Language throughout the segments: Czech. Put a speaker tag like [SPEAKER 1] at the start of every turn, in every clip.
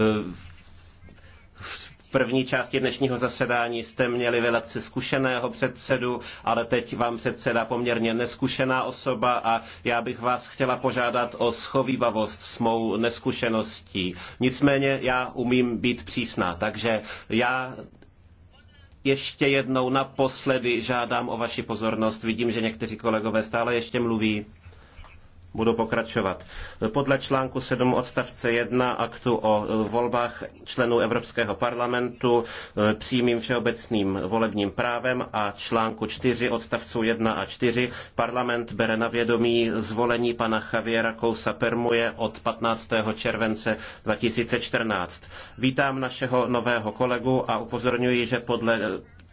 [SPEAKER 1] E, v první části dnešního zasedání jste měli velice zkušeného předsedu, ale teď vám předseda poměrně neskušená osoba a já bych vás chtěla požádat o schovývavost s mou neskušeností. Nicméně já umím být přísná, takže já ještě jednou naposledy žádám o vaši pozornost. Vidím, že někteří kolegové stále ještě mluví. Budu pokračovat. Podle článku 7 odstavce 1 aktu o volbách členů Evropského parlamentu eh, přímým všeobecným volebním právem a článku 4 odstavců 1 a 4 parlament bere na vědomí zvolení pana Javiera Kousa Permuje od 15. července 2014. Vítám našeho nového kolegu a upozorňuji, že podle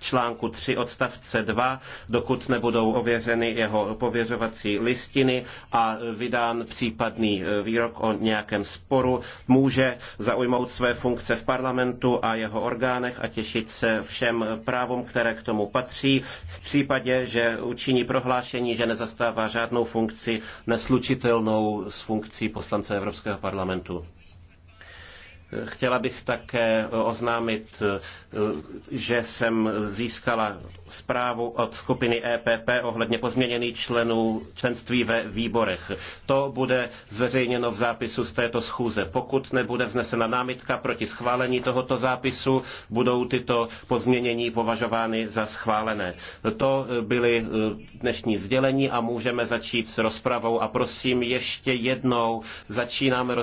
[SPEAKER 1] článku 3 odstavce 2, dokud nebudou ověřeny jeho pověřovací listiny a vydán případný e, výrok o nějakém sporu, může zaujmout své funkce v parlamentu a jeho orgánech a těšit se všem právům, které k tomu patří. V případě, že učiní prohlášení, že nezastává žádnou funkci neslučitelnou s funkcí poslance Evropského parlamentu. Chtěla bych také oznámit, že jsem získala zprávu od skupiny EPP ohledně pozměněných členů členství ve výborech. To bude zveřejněno v zápisu z této schůze. Pokud nebude vznesena námitka proti schválení tohoto zápisu, budou tyto pozměnění považovány za schválené. To byly eh, dnešní sdělení a můžeme začít s rozpravou. A prosím, ještě jednou začínáme